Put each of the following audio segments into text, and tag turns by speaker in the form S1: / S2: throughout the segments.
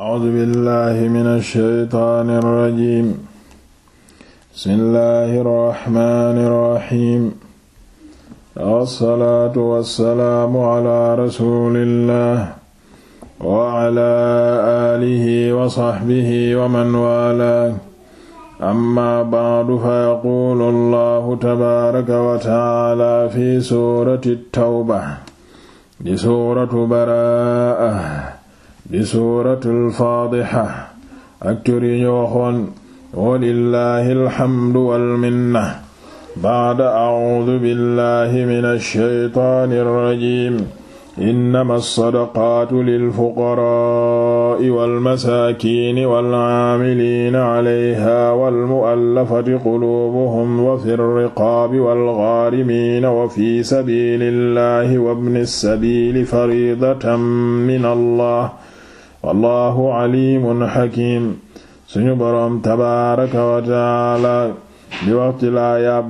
S1: A'uuzu billaahi mina shaytaani rajiim. Bismillaahi rahmaani rahiim. Wassalaatu wassalaamu alaa rasuulillaah wa alaa aalihi wa sahbihi wa man waalaah. Ammaa ba'du fayaquulu Allaahu tabaaraka wa ta'aalaa fi suurati Tawba, di suuratu Baraa'a. di suuratul faadiha ak tur yi ñu waxoon walillahi alhamdu walminna ba'da a'uudu billahi minash shaytaanir rajiim innamas sadaqaatu lil fuqaraa'i wal masaakiini wal 'aamiliina 'alayhaa wal mu'allafati quluubuhum wa fir riqaabi wal ghaarimiina wa fii sabiilillaahi wabnis sabiili fariidatan minallah wallahu alimun hakim suñu boroom tabaaraka wa taala di wax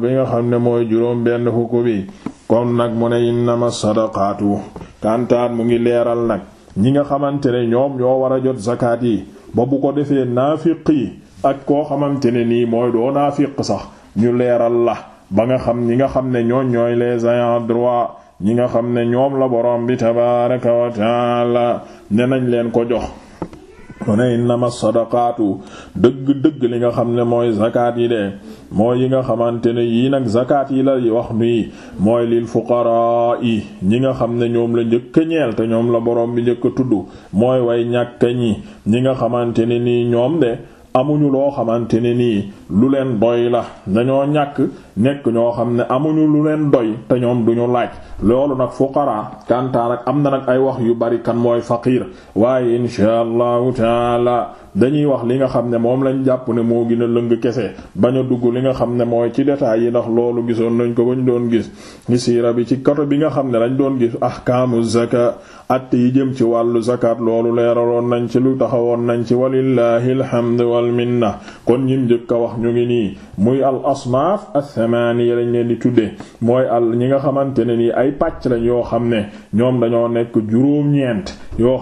S1: bi nga xam ne mooy juróom benn fukk bi kon nag mu ne innama
S2: sadaqaatu kantaan mu ngi leeral nag ñi nga xamante ne ñoom ñoo war a jot zakaat yi ba bu ko defee naafiq yi ak koo xamante ne nii mooy doo naafiq sax ñu leeral la ba nga xam ñi nga xam ne ñooñ ñooy les ayants droit ñi
S1: nga xam ne ñoom la boroom bi tabaaraka wa ne nañ leen ko jox
S2: mu ne innama sadaqaatu dëgg-dëgg li nga xam ne mooy zakat yi de mooy yi nga xamante ne yii nag zakat yi la wax nii mooy lil fuqaraa yi ñi nga xam ne ñoom la njëkk ñeel te ñoom la borom bi njëkk a tudd mooy way ñàkk ñi ñi nga xamante ne nii ñoom de amuñu loo xamante ne nii lu leen doy la dañoo ñàkk nekk ñoo xam ne amuñu lu leen doy te ñoom duñu laaj loolu nag fuqara kantaa ak am na nag ay wax yu bari kan mooy faqiir waaye insha allahu taala dañuy wax li nga xam ne moom lañ jàpp ne moo gën a lëng kese bañ a dugg li nga xam ne mooy ci détails yi ndax loolu gisoon nañ ko ñu doon gis ni siira bi ci koto bi nga xam ne lañ doon gis ahkaamu zaka att yi jëm ci wàllu zakat loolu leeraloon nañ ci lu taxawoon nañ ci walillahi alhamdu wal minna kon ñim jëkk a wax ñu ngi nii muy àll al asnaaf athamaaniya lañ leen di tuddee mooy al ñi nga xamante ne nii ay pàcc lañ yoo xam ne ñoom dañoo nekk juróom-ñeent yoo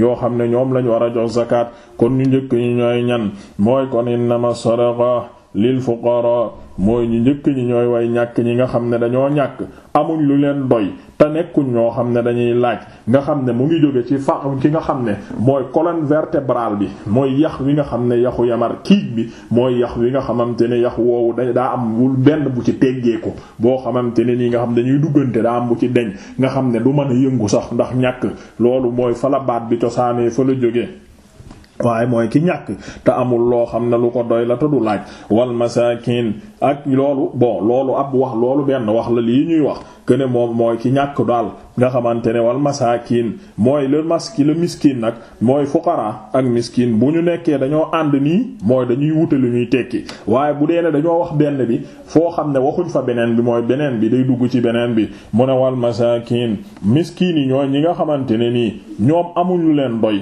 S2: yoo xam ne ñoom lañ war a jox zakat kon ñu njëkk ñu ñooy ñan mooy kon innama sadaqa lil fuqara mooy ñu njëkk ñi ñooy way ñàkk ñi nga xam ne dañoo ñàkk amuñ lu leen doy te nekkuñ ñoo xam ne dañuy laaj nga xam ne mu ngi jóge ci fa ki nga xam ne mooy colonne vertébrale bi mooy yax wi nga xam ne yaxu yamar kiig bi mooy yax wi nga xamante ne yax woowu da daa am wul benn bu ci teggee ko boo xamante ne nii nga xam dañuy duggante daa am bu ci deñ nga xam ne du mën a yëngu sax ndax ñàkk loolu mooy falabaat bi cosaanee fa la jógee waaye mooy ki ñàkk te amul loo xam ne lu ko doy la te du laaj wal masakin ak loolu bon loolu ab wax loolu benn wax la lii ñuy wax que ne moom mooy ki ñàkk daal nga xamante ne wal masakin mooy le maski le miskiin nag mooy fuqara ak miskin bu ñu nekkee dañoo ànd nii mooy dañuy wute lu ñuy tekki waaye bu dee ne dañoo wax benn bi foo xam ne waxuñ fa beneen bi mooy beneen bi day dugg ci beneen bi mu ne wal masakin miskin yi ñooy ñi nga xamante ne nii ñoom amuñu leen doy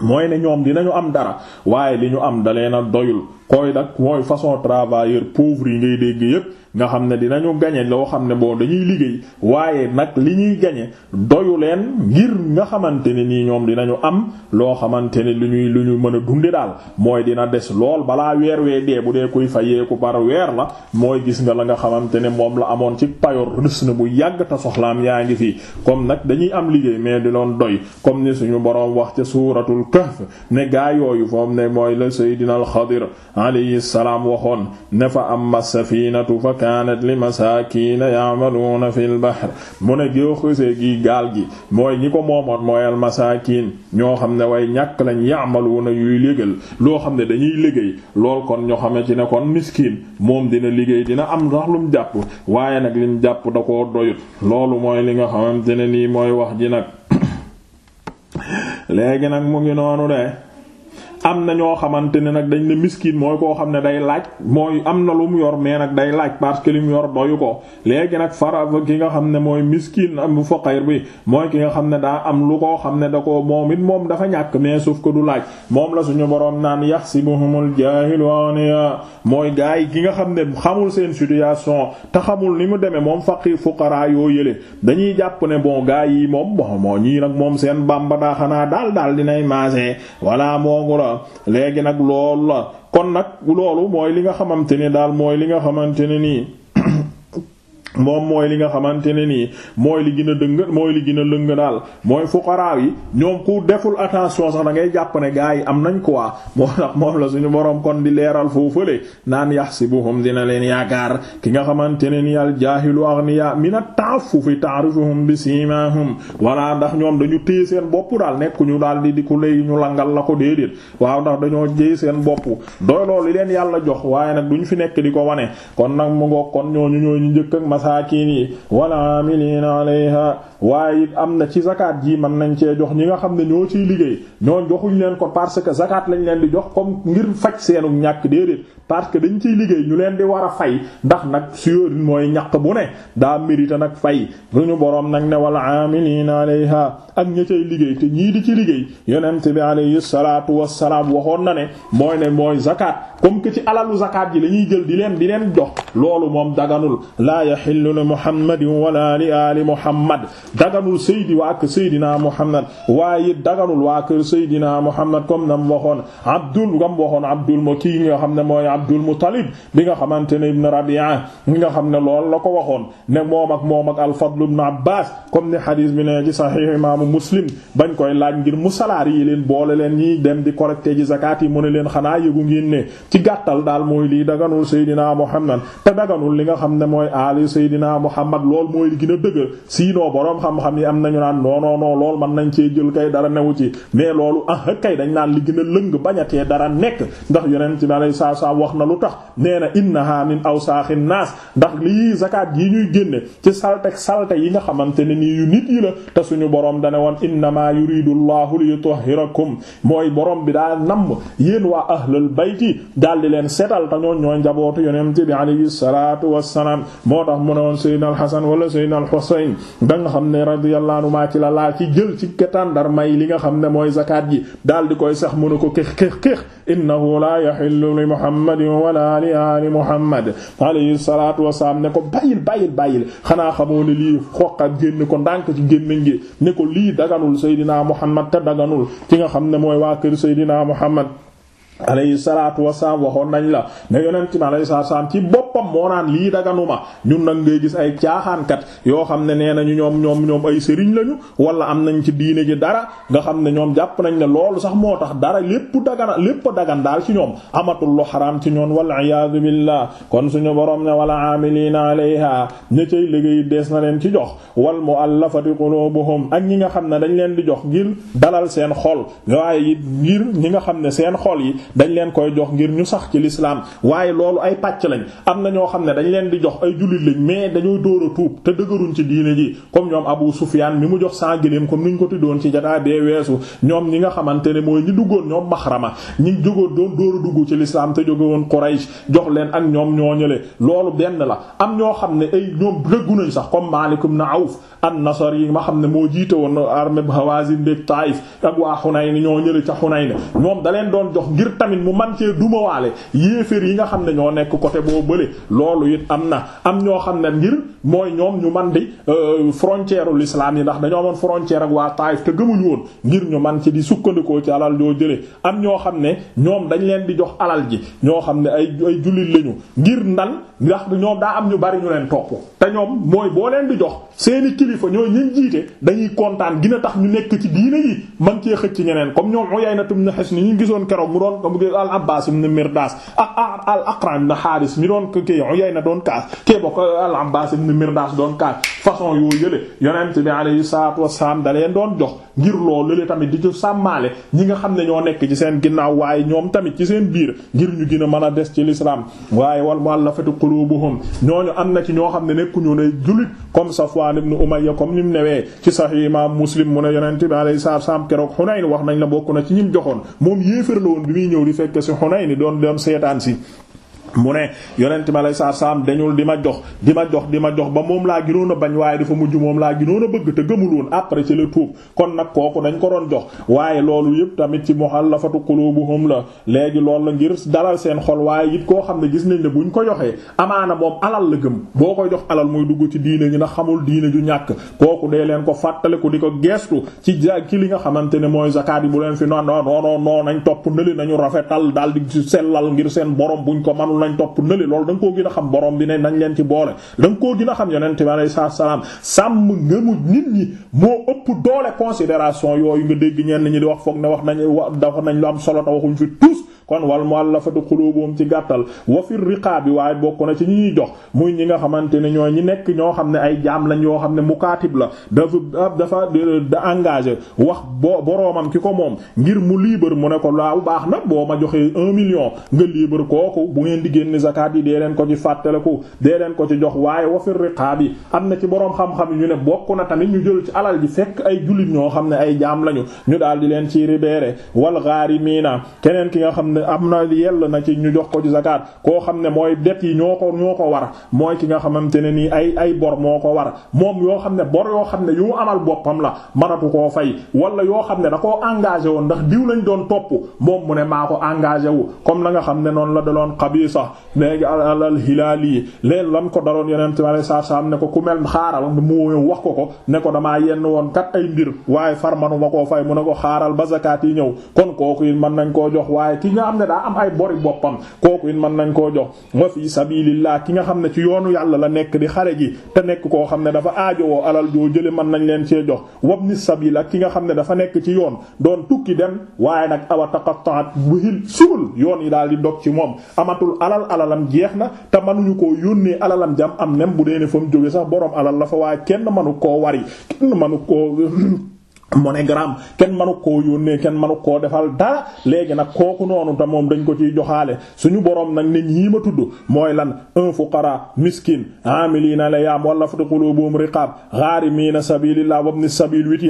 S2: mooy ne ñoom dinañu am dara waaye li ñu am dalee na doyul koy nag mooy façon travailleur pauvre yi ngay dégg yépp nga xam ne dinañu gañe loo xam ne bon dañuy liggéey waaye nag li ñuy gañe doyu leen ngir nga xamante ne nii ñoom dinañu am loo xamante ne lu ñuy lu ñu mën a dunde daal mooy dina des lool balaa weer wee dee bu dee kuy fayeeku par weer la mooy gis nga la nga xamante ne moom la amoon ci payor rës na bu yàgg ta soxlaam yaa ngi fii comme nag dañuy am liggéey mais di loon doy comme ni suñu boroom wax ca suuratul kahf ne yooyu foom ne mooy la sayyidina al Xadir alayhi salaam waxoon ne fa amma safinatu fa kaanat li masaakiina ya'maluuna fil bahr mu ne goo gi gaal gi mooy ñi ko moomoon mooy al masaakiin ñoo xam ne way ñàkk lañ ya'maluuna yuy légal loo xam ne dañuy liggéey lool kon ñoo xame ci ne kon miskiin moom dina liggéey dina am sax lum jàpp waaye nag lim jàpp da koo doyut loolu mooy li nga xamante ne nii mooy wax ji nag léegi nag mu ngi noonu de am na ñoo xamante ne nag dañ ne miskin mooy koo xam ne day laaj mooy am na lu mu yor mais nag day laaj parce que li mu yor doyu ko léegi nag fara ki nga xam ne mooy miskin am faqir bi mooy ki nga xam ne daa am lu koo xam ne da ko moom it moom dafa ñàkk mais suuf ko laaj moom la suñu boroom naan yaxsibuhumul jaahilu aghniya mooy gaay yi nga xam ne xamul seen situation te xamul ni mu demee moom faqir fuqara yoo yële dañuy jàpp ne bon gaa yi moom bon moo ñii nag moom seen bamba daa xanaa daal daal dinay maase wala moongu la léegi nag loolu la kon nag loolu mooy li nga xamante ni daal mooy li nga xamante ne nii moom mooy li nga xamante ne nii mooy li gën a dëng mooy li gën lëng daal mooy fuqaraa yi ñoom ku deful attention sax da jàpp ne gars yi am nañ quoi moo tax moom la suñu borom kon di leeral foofale naan yahsibuhum dina leen yaakaar ki nga xamante ne nii al jaahilu aghniya min at-ta'affufi ta'rifuhum bi simahum walla ndax ñoom dañu téye seen bopp daal nekk ñu daal di di ku léegi ñu langal la ko déedéet waaw ndax dañoo jéy seen bopp doy loolu leen yàlla jox waaye nag duñ fi nekk di ko wane masaakiin yi wal aamiliina alayha waaye it am na ci zakat ji mën nañ cee jox ñi nga xam ne ñoo ciy liggéey ñoo joxuñ leen ko parce que zakat lañu leen di jox comme ngir faj seenu ñàkk déedéet parce que dañ ciy liggéey ñu leen di war a fay ndax nag sueur mooy ñàkk bu ne daa mérite nag fay ñu boroom nag ne wal aamiliina alayha ak ña cay liggéey te ñii di ci liggéey yonent bi alayhi salaatu wassalaam waxoon na ne mooy ne mooy zakat comme que ci alalu zakat ji lañuy jël di leen di leen jox loolu moom daganul la yaxillu li muhammadin wala li ali muhammad daganul saydi waa kër saydina muhammad waaye daganul waa kër saydina muhammad comme nam waxoon abdul gam waxoon abdul mo kii nga xam ne mooy abdul muttalib bi nga xamante ne ibn rabi'a mi nga xam ne lool la ko waxoon ne moom ak moom ak alfadl ibn abbas comme ni xadiis bi ne ci saxiix imaamu muslim bañ koy laaj ngir musalaar yi leen boole leen ñiy dem di collecté ji zakat yi mu ne leen xanaa yëgu ngeen ne ci gàttal daal mooy lii daganul saydina muhammad te daganul li nga xam ne mooy ali Seydina Muhammad lool mooy li gën a dëgër sinon boroom xam-xam yi am nañu naan non non non lool mën nañ cee jël kay dara newu ci mais loolu ah kay dañ naan li a lëng bañatee dara nekk ndax yonent bi alayhi salaatu salaam na lu tax na innaha min awsaaxin yi ñuy génne ci salte salte yi nga xamante ne nii yu nit yi la te suñu boroom dane woon innamaa yuridu Allahu li yutahhirakum mooy boroom bi daa namm yéen waa ahlul bayti daldi leen setal te ñoo ñooy njabootu yonent bi alayhi salaatu wassalaam moo tax mu ne woon Seydina Al-Hasan wala Seydina Al-Husayn da nga xam ne radiyallahu anhuma ci la laa ci jël ci ketandar may li nga xam ne mooy zakat ji daal di koy mu ne ko kéex kéex kéex innahu la yahillu li Muhammadin wala li ali Muhammad alayhi salatu ne ko bàyyil bàyyil bàyyil xanaa xamoo ne lii xoqat génn ko ndànk ci gémmiñ gi ne ko lii daganul Seydina Muhammad te daganul ci nga xam ne mooy waa kër Seydina Muhammad alayhi salaatu wasalaam waxoon nañ la ne yonent mi alayhi salaatu wasalaam ci boppam moo naan lii daganuma ñun nag ngay gis ay caaxaankat yoo xam ne nee nañu ñoom ñoom ñoom ay sëriñ lañu wala am nañ ci diine ji dara nga xam ne ñoom jàpp nañ ne loolu sax moo tax dara lépp dagana lépp dagan daal ci ñoom amatul lu xaraam ci ñoom wal iyaadu billah kon suñu borom ne wala amilina alayha ña cay liggéey dees na leen ci jox wal muallafati qulubuhum ak ñi nga xam ne dañ leen di jox ngir dalal seen xol waaye it ngir ñi nga xam ne seen xol yi dañ leen koy jox ngir ñu sax ci lislaam waaye loolu ay pàcc lañ am na ñoo xam ne dañ leen di jox ay jullit lañ mais dañoo dóor a tuub te dëgëruñ ci diine ji comme ñoom Abu Sufyan mi mu jox saa gëléem comme ni ñu ko tuddoon ci jotaay bee weesu ñoom ñi nga xamante ne mooy ñi duggoon ñoom Maxrama ñi jógoon doon dóor dugg ci lislaam te jóge woon Quraysh jox leen ak ñoom ñoo ñële loolu benn la am ñoo xam ne ay ñoom dëggu nañ sax comme Maalik ibn Awf an-Nasri yi ma xam ne moo jiite woon armée Hawazin de Taïf ak waa Hunayn ñoo ñële ca Hunayn ñoom da leen doon jox ngir tamit mu man cee dumawaale yéeféer yi nga xam ne ñoo nekk côté boo bële loolu it am na am ñoo xam ne ngir mooy ñoom ñu man di euh, frontière u l'islam yi ndax dañoo amoon frontière ak waa Taayif te gëmuñu woon ngir ñu man ci di sukkandikoo ci alal yoo jële am ñoo xam ne ñoom dañ leen di jox alal ji ñoo xam ne ay ay jullit lañu ngir ndal ndax ñoom daa am ñu bari ñu leen topp te ñoom mooy boo leen di jox seeni kilifa ñooy ñi jiite dañuy kontaan gina tax ñu nekk ci diine yi man cee xëcc ñeneen comme ñoom ñu gisoon keroog mu doon mu al Abbas ibn Mirdas ak al Aqra ibn Haris mi doon kii Uyayna doon kaas kii bokk al Abbas ibn Mirdas doon kaas da leen doon jox ngir loolu le tamit di ci sàmmaale ñi nga xam ne ñoo nekk ci seen ginnaaw waaye ñoom tamit ci seen biir ngir ñu gën a mën a des ci l'islam waaye wal mu'allafati qulubuhum ñooñu am na ci ñoo xam ne nekkuñu ne jullit comme Safwan Safwan ibn Umayya comme ni mu newee ci Sahih Imam Muslim mu ne yonent bi alayhi salaam keroog Hunayn wax nañ la bokk na ci ñim joxoon moom yéefar la woon bi muy ñëw di fekk ci Hunayn doon dem seetaan si mu ne yonent ma lay saa saam dañul di ma jox di ma jox di ma jox ba moom laa ginoon a bañ waaye dafa mujj moom laa ginoon a bëgg te gëmul woon après ci la tuub kon nag kooku dañ ko doon jox waaye loolu yëpp tamit ci muhallafatu qulubuhum la léegi loolu la ngir dalal seen xol waaye it koo xam ne gis nañ ne ñu ko joxee amaana moom alal la gëm boo koy jox alal muy dugg ci diine ñi ndax xamul diine ju ñàkk kooku dee leen ko fàttaliku di ko geestu ci ja ki li nga xamante ne mooy zakat yi bu leen fi non non non nañ topp nali nañu rafetal daal di sellal ngir seen borom buñ ko manul nañ topp nële loolu da nga koo gën a xam borom bi ne nañ leen ci boole da koo gën xam yonent bi alayhi salaam sàmm ngëmu nit ñi moo ëpp doole considération yooyu nga dégg ñenn ñi di wax foog ne wax nañ wa dafa nañ lu am solo ta waxuñ fi tous kon wal mu'allafatu qulubuhum ci gàttal wa fi riqabi waaye bokk na ci ñi ñuy jox muy ñi nga xamante ne ñooy ñi nekk ñoo xam ne ay jaam lañ yoo xam ne mukaatib la dafa dafa da engage wax bo boroomam ki ko moom ngir mu libre mu ne ko laaw baax na boo ma joxee un ci génn zakat yi dee leen ko ci fàttaliku dee leen ko ci jox waaye wafir riqaab yi am na ci boroom xam-xam yi ñu ne bokk na tamit ñu jël ci alal ji fekk ay jullit ñoo xam ne ay jaam lañu ñu daal di leen ci ribeere wal gharimiina keneen ki nga xam ne am na yell na ci ñu jox ko ci zakat koo xam ne mooy det yi ñoo ko ñoo ko war mooy ki nga xamante ne nii ay ay bor moo ko war moom yoo xam ne bor yoo xam ne yu amal boppam la manatu koo fay wala yoo xam ne da koo engagé woon ndax diw lañ doon topp moom Qusta léegi al al Hilaali léegi lam ko daroon yonent ma lay saa saa am ne ko ku mel xaaral mu wax ko ko ne ko damaa yenn woon kat ay mbir waaye far manuma koo fay mu ne ko xaaral ba zakat yi ñëw kon kooku it mën nañ koo jox waaye ki nga xam ne daa am ay bori boppam kooku it mën nañ koo jox wa fi sabilillah ki nga xam ne ci yoonu yàlla la nekk di xare gi te nekk koo xam ne dafa woo alal joo jële man nañ leen cee jox wabni sabil ak ki nga xam ne dafa nekk ci yoon doon tukki dem waaye nag awa taqatta'at bihil subul yoon yi daal di dog ci moom alal alalam jeex na te mënuñu koo yónnee alalam jam am nem bu dee ne fa mu jóge sax boroom alal la fa waaye kenn mënu koo wari kenn mënu koo MoneyGram kenn manu koo yónnee kenn manu koo defal dara léegi nag kooku noonu te moom dañ ko ciy joxaale suñu boroom nag nit ñii ma tudd mooy lan un fuqara miskin amilina la yaam wala fatu qulubuhum riqab gharimina sabilillah wabni sabil wit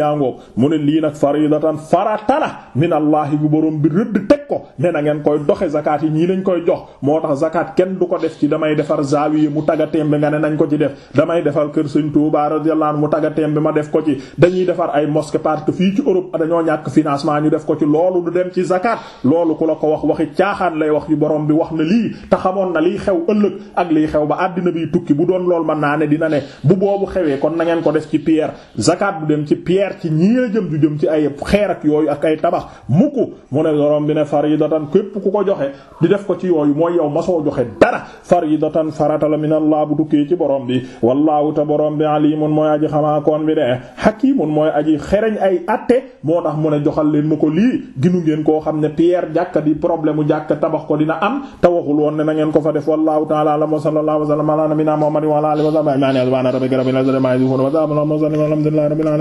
S2: mu ne lii nag faridatan faratala min bu borom bi rëdd ko ne na ngeen koy doxe zakat yi ñii lañ koy jox moo tax zakat kenn du ko def ci damay defar zawiya mu taga tembe nga ne nañ ko ci def damay defar kër Sëriñ Tuubaa radiyallahu anhu mu taga tembe ma def ko ci defar ay mosquée parce que fii ci Europe dañoo ñàkk financement ñu def ko ci loolu du dem ci zakat loolu ku la ko wax waxi caaxaan lay wax yu borom bi wax na lii te xamoon na liy xew ëllëg ak liy xew ba àddina bi tukki bu doon lool mën naa ne dina ne bu boobu xewee kon na ngeen ko def ci pierre zakat bu dem ci pierre ci ñii jëm ju jëm ci ay xeer ak yooyu ak ay tabax faridatan képp ku ko joxe di def ko ci yooyu mooy yow masoo joxe dara faridatan farata la min allah bu tukkee ci borom bi wallahu ta borom bi alimun mooy aji xamaakoon bi de hakimun mooy aji xereñ ay atte moo tax mu joxal leen ma ko lii ginu ngeen koo xam ne pierre jàkka di problème jàkka tabax ko dina am te waxul ne na ko fa def wallahu ta'ala alam wa sallallahu wa sallam ala nabina muhammadin wa ala